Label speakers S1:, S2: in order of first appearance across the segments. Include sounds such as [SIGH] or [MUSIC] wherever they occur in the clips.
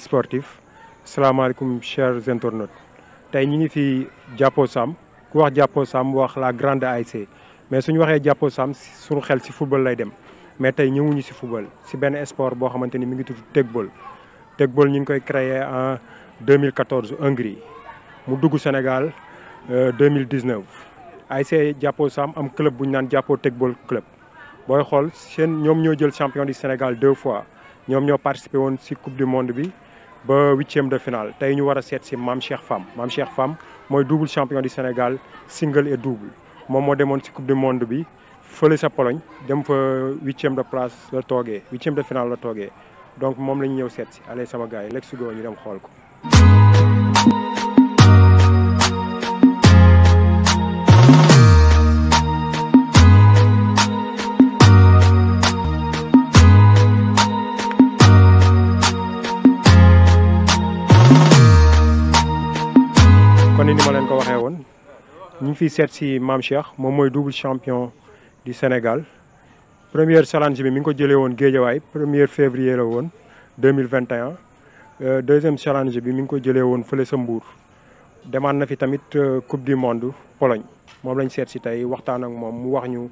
S1: sportif salaamaaleykum chers internautes tey ñu ngi fi Jàppo Sam ku wax Jàppo Sam wax la grande ASC mais suñu waxee Jàppo Sam suñu xel si football lay dem mais tey ñëwuñu si football si benn sport boo xamante ni mu ngi tudd tegball tegball ñu ngi koy créé en 2014 Hongrie mu dugg Sénégal 2019 euh, ASC Jàppo Sam am club bu ñu naan Jàppo tegball club booy xool seen ñoom ñoo jël champion du Sénégal deux fois ñoom ñoo participé woon si coupe du monde bi ba huitième de finale tey ñu war a seet si Mame Cheikh Fam Mame Cheikh Fam mooy double champion du Sénégal single et double moom moo demoon si coupe du monde bi fële sa Pologne dem fa huitième de place la toogee huitième de finale la toogee donc moom la ñu ñëw seet si allez sama gars yi si go ñu dem xool ko. ñu fi seet si Mame Cheikh moom mooy double champion du Sénégal première challenge bi mi ngi ko jëlee woon Géejawaay première février la woon 2021 euh, deuxième challenge bi mi ngi ko jëlee woon fële sa Mbour demaat na fi tamit euh, coupe du monde Pologne moom lañ seet si tey waxtaan ak moom mu wax ñu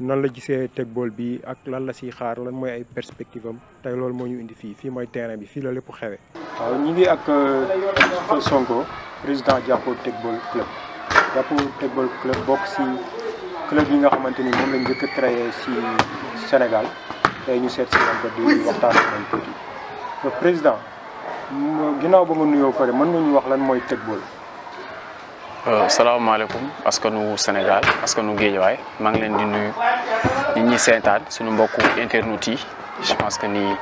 S1: nan la gisee bool bi ak lan la siy xaar lan mooy ay perspective am tey loolu moo ñu indi fii fii mooy terrain bi fii la lépp xewe waaw ñu ngi ak euh, Sonko président jàppo Jappo Tekbal club bokk si club yi nga xamante ni moom lañ njëkk a créé Sénégal tey ñu seet si ko di waxtaan ak tuuti président ginnaaw ba nga nuyoo pare mën nga ñu wax lan mooy Tekbal.
S2: Euh, salaamaaleykum askanu Sénégal parce askanu Géejawaay maa ngi leen di nuyu nit ñi seetaan suñu mbokku internautes yi je pense que nii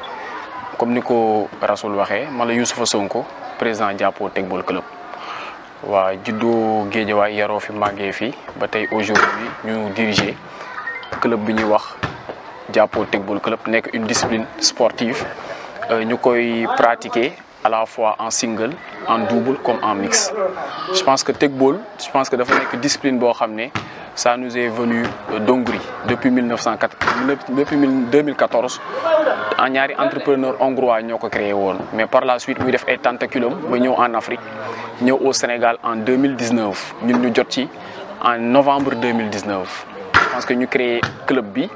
S2: comme ni ko Rasoul waxee man la Youssoufa Sonko président jàppoo Jappo Tekbal club. waa juddoo Guédiawaye yaroo fi màggee fi ba tey aujourd'hui ñu diriger club bi ñuy wax jàppoo Tegbol club nekk une discipline sportive euh, ñu koy pratiquer à la fois en single en double comme en mix je pense que Tegbol je pense que dafa nekk discipline boo xam ne. ça nous est venu d'Hongrie depuis 1904 depuis 2014 en ñaari entrepreneur hongrois ñoo ko créé woon mais par la suite muy def ay tentaculum ba ñëw en Afrique ñëw au Sénégal en 2019 ñun ñu jot ci en novembre 2019 parce que ñu créé club bi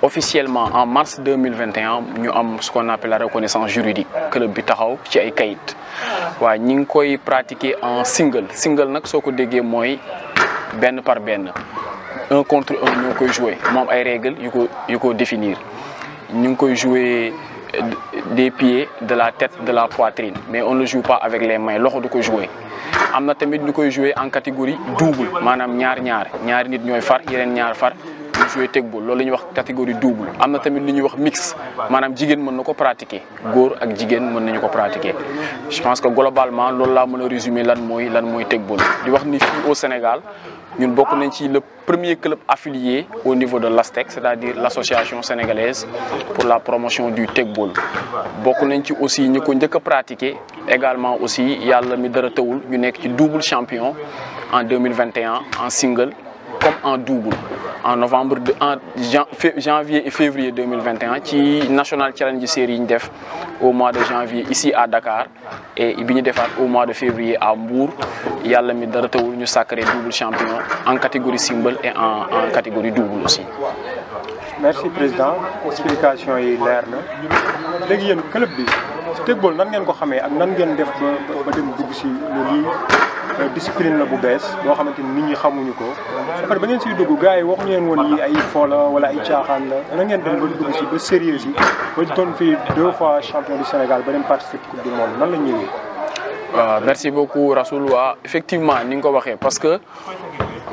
S2: officiellement en mars 2021 ñu am ce qu'on appelle la reconnaissance juridique club bi taxaw ci ay kayit waa ñi ngi koy pratiquer en single single nag soo ko déggee mooy benn par benn un contre un ñoo koy joué mu am ay règles yu ko yu ko définir ñu ngi koy joué euh, des pieds de la tête de la poitrine mais on ne joue pas avec les mains loxo du ko joué. am na tamit ñu koy joué en catégorie double maanaam ñaar ñaar ñaari nit ñooy far yeneen ñaar far. jouer tegball loolu la ñuy wax catégorie double am na tamit lu ñuy wax mix maanaam jigéen mën na ko pratiquer góor ak jigéen mën nañu ko pratiquer je pense que globalement loolu laa mën a résumer lan mooy lan mooy tegball di wax ni fii au Sénégal ñun bokk nañ ci le premier club affilié au niveau de l'ASTEC c'est-à-dire l'association sénégalaise pour la promotion du tegball bokk nañ ci aussi ñi ko njëkk a pratiquer également aussi yàlla mi dara tawul ñu nekk ci double champion en 2021 en single comme en double en novembre de en janvier et février 2021 ci National Challenge Series yi ñu def au mois de janvier ici à Dakar et bi ñu defaat au mois de février à Mbour yàlla mi dara tawul ñu sacré double champion en catégorie simple et en en catégorie double aussi.
S1: président explication yi leer na léegi yéen club bi football nan ngeen ko xamee ak nan ngeen def ba si lu Euh, discipline la bu bees boo xamante ni nit ñi xamuñu ko après ba ngeen siy dugg gars yi waxuñu woon yi ay fola wala ay caaxaan la na ngeen ba dugg si ba sérieux yi ba doon fii deux fois champion du Sénégal ba dem participer coupe
S2: du monde nan la ñëwee waaw euh, merci beaucoup Rasoul waa effectivement ni nga ko waxee parce que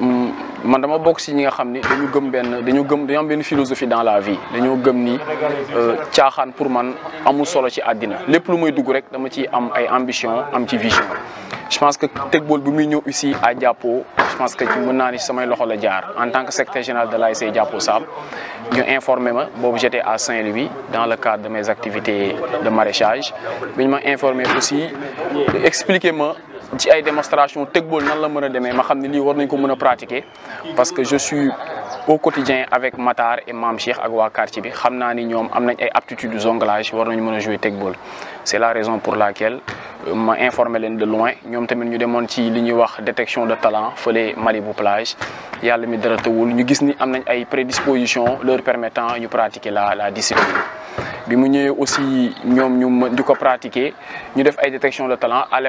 S2: mm, man dama bokk si ñi nga xam ni dañu gëm benn dañu gëm dañu am benn philosophie dans la vie dañoo gëm ni euh, caaxaan pour man amul solo ci àddina lépp lu may dugg rek dama ci am ay ambition am ci vision je pense que Tekball bi muy ñëw ici à Diapo je pense que ci mën naa ni samay loxo la jaar en tant que secrétaire général de l'ASC Diapo Sam ñu informé ma boobu j'étais à Saint-Louis dans le cadre de mes activités de maraichage bi ñu ma informé aussi expliqué ci ay démonstration tëgbool nan la mën a demee ma xam ne lii war nañ ko mën a pratiquer parce que je suis au quotidien avec Matar et Mam Cheikh ak waa quartier bi xam naa ni ñoom am nañ ay aptitude de jonglage war nañu mën a jouer tëgbool c'est la raison pour laquelle euh, ma informé leen de loin ñoom tamit ñu demoon ci li ñuy wax détection de talent fële bu plage yàlla mi dara tëwul ñu gis ni am nañ ay prédispositions leur permettant ñu pratiquer la la discipline bi mu ñëwee aussi ñoom ñu di ko pratiquer ñu def ay détection de talent à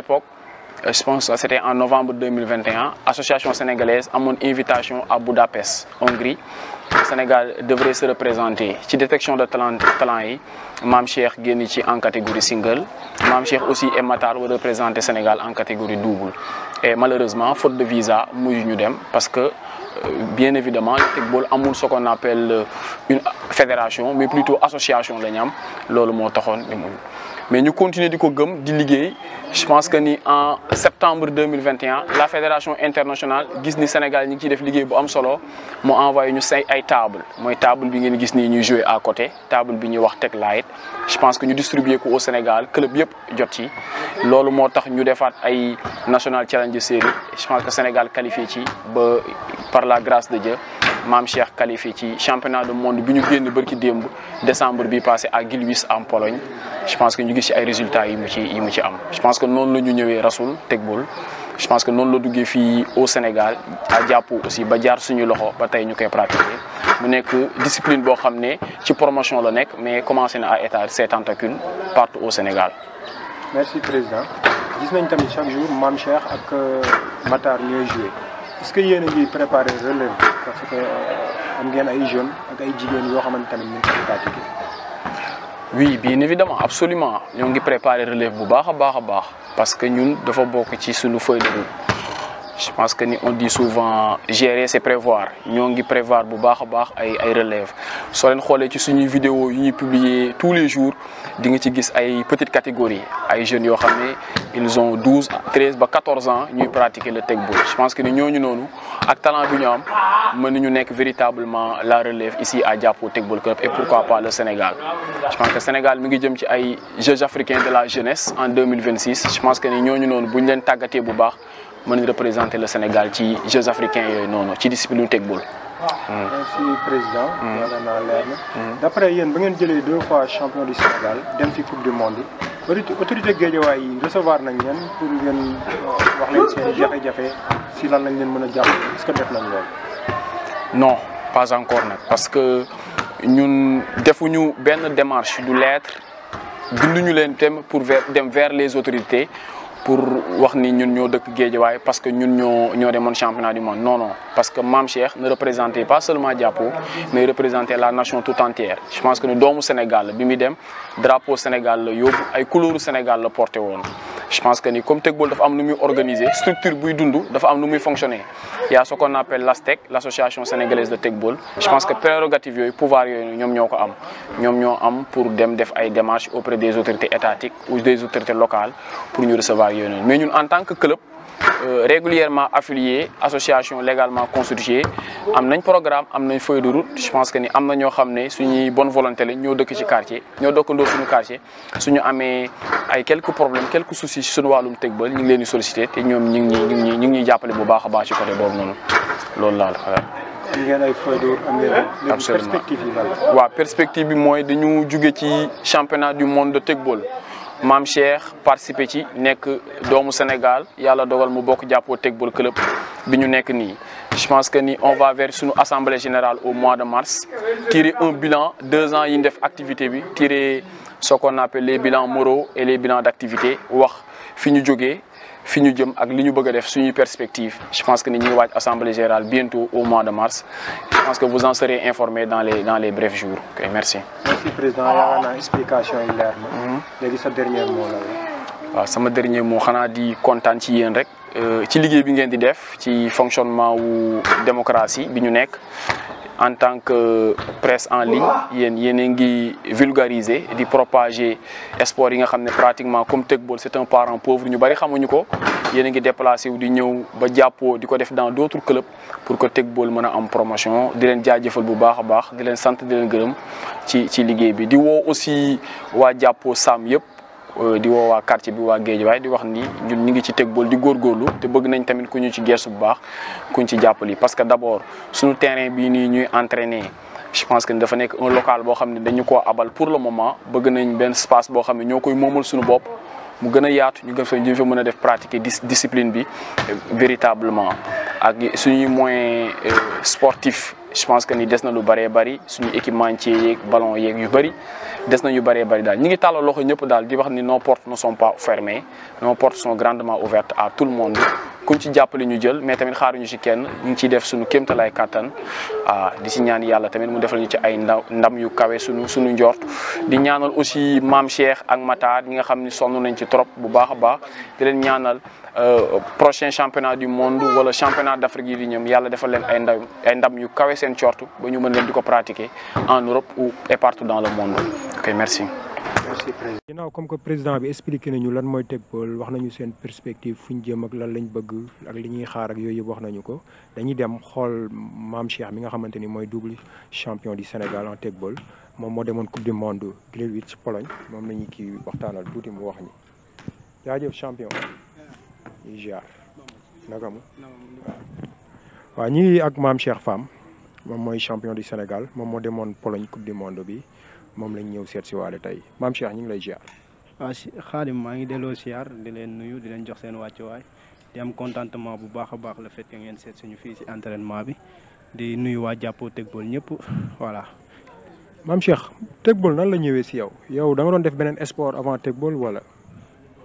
S2: Euh, je pense que c'était en novembre 2021, Association sénégalaise a mon invitation à Budapest, Hongrie. Le Sénégal devrait se représenter. Ci détection de talent, talent yi, maam Cheikh génn ci en catégorie single. Mam Cheikh aussi et Matar wara représenter Sénégal en catégorie double. Et malheureusement, faute de visa, mujj ñu dem parce que euh, bien évidemment le tekball amul ce qu'on appelle euh, une fédération mais plutôt association la ñu am loolu moo taxoon ñu muñ mais ñu continuer di ko gëm di liggéey je pense que ni en septembre 2021 la fédération internationale gis ni Sénégal ñi ngi ciy def liggéey bu am solo mu envoyé ñu say ay table mooy table bi ngeen gis ni ñuy jouer à côté table bi ñuy wax Tek Light je pense que ñu distribuer ko au Sénégal club yëpp jot ci loolu moo tax ñu defaat ay national challenge série je pense que Sénégal qualifié ci ba par la grâce de jë maam Cheikh qualifié ci championnat du monde bi ñu génn bërki démb décembre bi passé à Gilwis en Pologne je pense que ñu gis ci ay résultats yi mu ci yi mu am je pense que noonu la ñu ñëwee Rasoul Tekbul je pense que noonu la duggee fii au Sénégal à jàpp aussi ba jaar suñu loxo ba tey ñu koy pratiquer mu nekk discipline boo xam ne ci promotion la nekk mais commencé na a état ses tentacules partout au Sénégal.
S1: merci président gis nañ tamit chaque jour Mame ak euh, Matar a ngi préparé am ngeen ay jeunes ak ay jigéen yoo xamante
S2: ne ñu ngi koy pratiquer. oui bien évidemment absolument ñoo ngi préparer relève bu baax a baax a baax parce que ñun dafa bokk ci suñu feuille de route je pense que ni on dit souvent gérer c'est prévoir ñoo ngi prévoir bu baax a baax ay ay relève soo leen xoolee ci suñuy vidéo yu ñuy publier tous les jours di nga ci gis ay petites catégories ay jeune yoo xam ne ils ont douze treize ba quatorze ans ñuy pratiquer le tekbal je pense que ni ñooñu noonu ak talent bi ñu am mën nañu nekk véritablement la relève ici à Diapo Tekbal Club et pourquoi pas le Sénégal je pense que Sénégal mi ngi jëm ci ay Jeux africains de la je ñooñu noonu buñ leen tàggatee bu baax mën nañu représenter le Sénégal ci Jeux africains yooyu noonu ci discipline tekball. waaw ah,
S1: merci président. yaakaar naa leer na. après yéen ba ngeen jëlee deux fois champion du Sénégal dem fi coupe du monde autorité Guédiawaye yi recevoir nañ leen pour ngeen euh, wax leen seen jafe-jafe si lan lañ leen mën a jàpp est que def nañ loolu.
S2: non pas encore nag parce que ñun defuñu benn démarche du lettre binduñu leen tem pour dem vers les autorités. pour wax ni ñun ñoo dëkk waaye parce que ñun ñoo ñoo demoon championnat du monde non non parce que Mame Cheikh ne représentait pas seulement Diapo mais représentait la nation tout entière je pense que ne doomu Sénégal la bi muy dem drapeau Sénégal la yóbbu ay couleur Sénégal la porté woon je pense que ni comme Tekball dafa am nu muy organiser structure buy dund dafa am nu muy fonctionner y a ce qu'on appelle l'ASTEC l'association sénégalaise de Tekball je pense que prérogative yooyu pouvoir yooyu ñoom ñoo ko am ñoom ñoo am pour dem def ay démarches auprès des autorités étatiques ou des autorités locales pour ñu recevoir yooyu mais ñun en tant que club Euh, régulièrement affiliés association légalement constituée am nañ programme am nañ feuille de route je pense que ni am na ñoo xam ne suñuy bonne volonté la ñoo dëkk ci quartier ñoo dëkkandoo suñu quartier suñu amee ay quelques problèmes quelques soucis suñu wàllum teg ba ñu ngi leen di sollicité te ñoom ñu ngi ñu ngi ñu ngi ñuy jàppale bu baax a baax ci côté boobu noonu loolu laal xalaat. am perspective bi mooy dañu jóge ci championnat du monde de tegball maam Cheikh participé ci nekk doomu Sénégal yàlla dogal mu bokk jàppoo Tekball club bi ñu nekk nii. je pense que ni on va vers suñu assemblée générale au mois de mars tirer un bilan deux ans yi ñu def activité bi tirer ce qu'on appelle les bilans moraux et les bilans d'activité wax fi ñu jógee. fi ñu jëm ak li ñu bëgg a def suñuy perspective je pense que ni ñuy waaj assemblée générale bientôt au mois de mars je pense que vous en serez informé dans les dans les brefs jours ok merci.
S1: merci président yaakaar naa explication yi leer na. Mhm. léegi sa dernier mot la.
S2: waaw sama dernier mot xanaa di kontaan ci yéen rek. Euh, ci liggéey bi ngeen di def ci fonctionnement wu démocratie bi ñu nekk. en tant que presse en ligne yéen yéen a ngi vulgariser di propager sport yi nga xam ne pratiquement comme tëgbol c'est un parent pauvre ñu bari xamuñu ko yéen a ngi déplacé wu di ñëw ba jàppoo di ko def dans d'autres clubs pour que tëgbol mën a am promotion di leen jaajëfal bu baax a baax di leen sant di leen gërëm ci ci liggéey bi di woo aussi waa jàppoo saam yëpp. Euh, di woo quartier bi waa géej waaye di wax ni ñun ñu ngi ci teg bool di góorgóorlu te bëgg nañ tamit ku ñu ci geesu bu baax kuñ ci jàppali parce que d'abord suñu terrain bii nii ñuy entraîner je pense que dafa nekk un local boo xam ne dañu ko abal pour le moment bëgg nañ benn espace boo xam ne ñoo koy moomal suñu bopp mu gën a yaatu ñu gën fa ñu mën a def pratiquer discipline bi véritablement ak suñuy moyen euh, sportif je pense que ni des na lu bëree bari suñu équipementier yeeg ballon yeeg yu bëri des na ñu bëree bari daal ñi ngi tàllal loxo ñëpp daal di wax ni nos portes ne sont pas fermées nos portes sont grandement ouvertes à tout le monde kuñ ci jàppale ñu jël mais tamit xaaruñu ci kenn ñu ngi ciy def suñu kéemtalaay kàttan ah di si ñaan yàlla tamit mu defal ñu ci ay ndam yu kawe suñu suñu njort di ñaanal aussi maam Cheikh ak Matar ñi nga xam ni sonn nañ ci trop bu baax a baax di leen Euh, prochain championnat du monde wala championnat d' Afrique yi di yàlla defal leen ay ndam ay ndam yu kawe seen coortu ba ñu mën leen di ko pratiquer en Europe ou et partout dans le monde ok merci.
S1: président. comme que président bi expliqué nañu lan mooy Tekpël wax nañu seen perspective fu ñu jëm ak lan lañ bëgg ak li ñuy xaar ak yooyu wax nañu ko dañuy dem xool maam Cheikh mi nga xamante ni mooy double champion du Sénégal en Tekpël moom moo demoon coupe du monde Gliwice Pologne moom la ki kii waxtaanal tuuti mu wax ñi jaajëf champion. jaar naka mu ñu ak maam Cheikh Fam moom mooy champion du Sénégal moom moo demoon Pologne coupe du monde bi moom lañ ñëw seet si waale tey maam Cheikh ñu ngi lay ziar. waaw xaadim maa ngi
S3: delloo ziar di leen nuyu di leen jox seen wàccuwaay di am contentement bu baax a baax la fait que ngeen seet suñu fii si entrainement bi di nuyu waa jàppoo tegbol ñëpp voilà.
S1: maam Cheikh tegbol nan la ñëwee si yow yow da nga doon def beneen sport avant tegbol wala.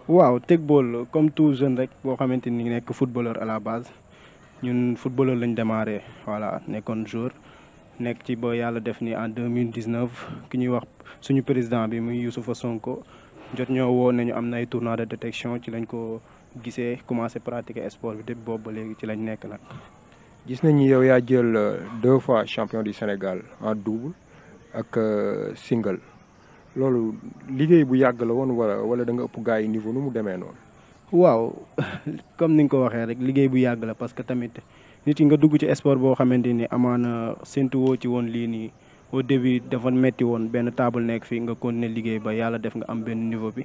S1: waaw Tekball comme tout jeunes rek boo xamante ni nekk footballeur à la base ñun
S3: footballeur lañ démarré voilà nekkoon joueur nekk ci ba yàlla def ni en deux mille dix neuf ki ñuy wax suñu président bi muy Youssoufa Sonko jot ñoo woo nañu am na ay tournoi de détection ci lañ ko gisee commencé pratiquer sport bi depuis boobu ba léegi ci lañ nekk nag.
S1: gis nañu yow yaa jël deux fois champion du Sénégal en double ak euh, single. loolu liggéey bu yàgg la woon wala wala da nga ëpp gars yi niveau nu mu demee noonu. waaw [LAUGHS] comme ni nga ko waxee rek liggéey bu yàgg la parce que tamit
S3: nit yi nga dugg ci sport boo xamante ni amaana séntu woo ci woon lii nii au début dafa metti woon benn table nekk fii nga continuer liggéey ba yàlla def nga am benn niveau bi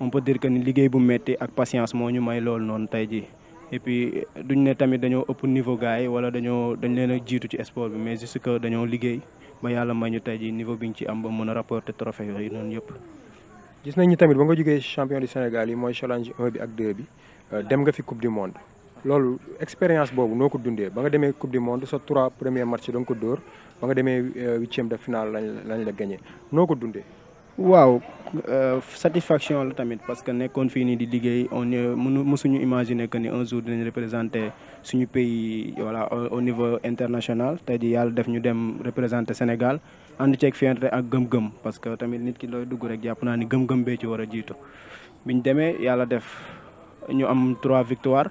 S3: on peut dire que ni liggéey bu metti ak patience moo ñu may loolu noonu tey jii. et puis duñ ne tamit dañoo ëpp niveau gars yi wala dañoo dañ leen a jiitu ci sport bi mais juste dañoo liggéey. ba yàlla may ñu tey ji niveau
S1: bi ñu ci am ba mën a rapporter trophée yooyu noonu yëpp. gis nañ tamit ba nga jógee champion du Sénégal yi mooy challenge 1 bi ak 2 bi euh, dem nga fi coupe du monde loolu expérience boobu noo ko dundee ba nga demee coupe du monde sa trois premiers matchs da nga ko dóor ba nga demee euh, huitième de finale lañ lañ la gagné noo ko dundee. waaw euh, satisfaction la tamit parce que nekkoon
S3: fii nii di liggéey on euh, mënu suñu imaginer que ni un jour dinañ représenter suñu pays voilà au niveau international te di yàlla def ñu dem représenter Sénégal ànd ceeg fierté ak gëm-gëm parce que tamit nit ki looy dugg rek jàpp naa ni gëm-gëm bee ci war a jiitu biñ demee yàlla def ñu am trois victoires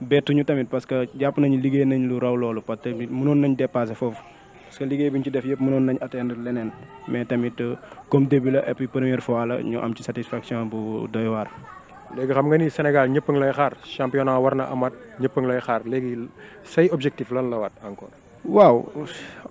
S3: bettuñu tamit parce que jàpp nañu liggéey nañ lu raw loolu parce que tamit mënoon nañ dépasser foofu. parce que liggéey bi ñu ci def yëpp mënoon nañ atteindre leneen mais tamit euh, comme début la et première fois la ñu am ci satisfaction bu doy waar.
S1: léegi xam nga ni Sénégal ñëpp a ngi lay xaar championnat war na amaat ñëpp a ngi lay xaar léegi say objectif lan la waat encore. waaw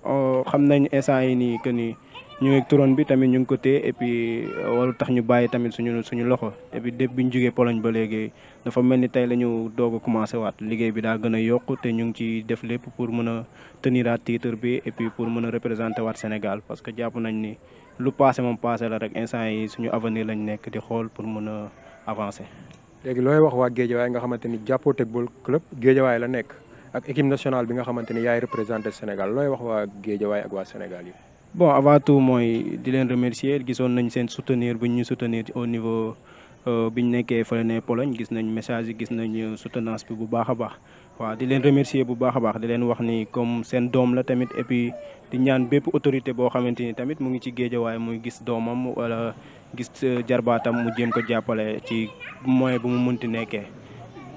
S1: euh, xam nañ instant yi nii que ni
S3: ñu ngi turoon bi tamit ñu ngi ko téye et puis euh, waru tax ñu bàyyi tamit suñu suñu loxo et puis bi ñu jógee Pologne ba léegi dafa mel ni tey la ñu doog a commencé waat liggéey bi daa gën a yokku te ñu ngi ciy def lépp pour mën a tenir à titre bi et pour mën a représenter waat Sénégal parce que jàpp nañ ni lu passé moom passé la rek instant yi suñu avenir lañ nekk di xool pour mën a avancer.
S1: léegi looy wax waa Géejawaay nga xamante ni jàppoo Tekball club Géejawaay la nekk ak équipe nationale bi nga xamante ni yaay représenté Sénégal wax waa Géejawaay ak waa Sénégal yi.
S3: bon avant tout mooy di leen remercier gisoon nañ seen soutenir bu ñu soutenir au niveau euh, bi ñu nekkee fële ne Pologne gis nañ message yi gis nañu soutenance bi bu baax a baax waaw di leen remercier bu baax a baax di leen wax ni comme seen doom la tamit et di ñaan bépp autorité boo xamante ni tamit mu ngi ci géejawaay muy gis doomam wala gis euh, jarbaatam mu jéem ko jàppale ci moyen bu mu munti nekkee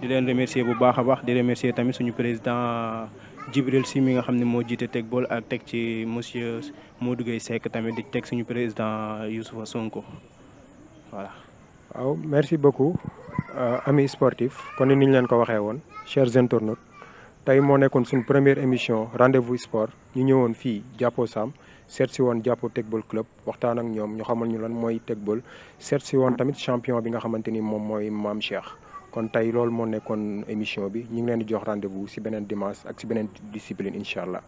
S3: di leen remercier bu baax a baax di remercier tamit suñu président Djibril Sy mi nga xam ne moo jiite teg bool ak teg ci monsieur moo Gueye Seck tamit teg suñu président Youssoufa Sonko
S1: waaw merci beaucoup euh, amis sportifs kon ni ñu leen ko waxee woon chers internautes tey moo nekkoon suñu première émission rendez-vous sport ñu ñëwoon fii jàppoo Sam seet si woon jàppoo tegball club waxtaan ak ñoom ñu xamal ñu lan mooy tegball seet si woon tamit champion bi nga xamante ni moom mooy maam Cheikh. kon tey loolu moo nekkoon émission bi ñu ngi leen di jox rendez-vous ci beneen dimanche ak ci beneen discipline incha allah.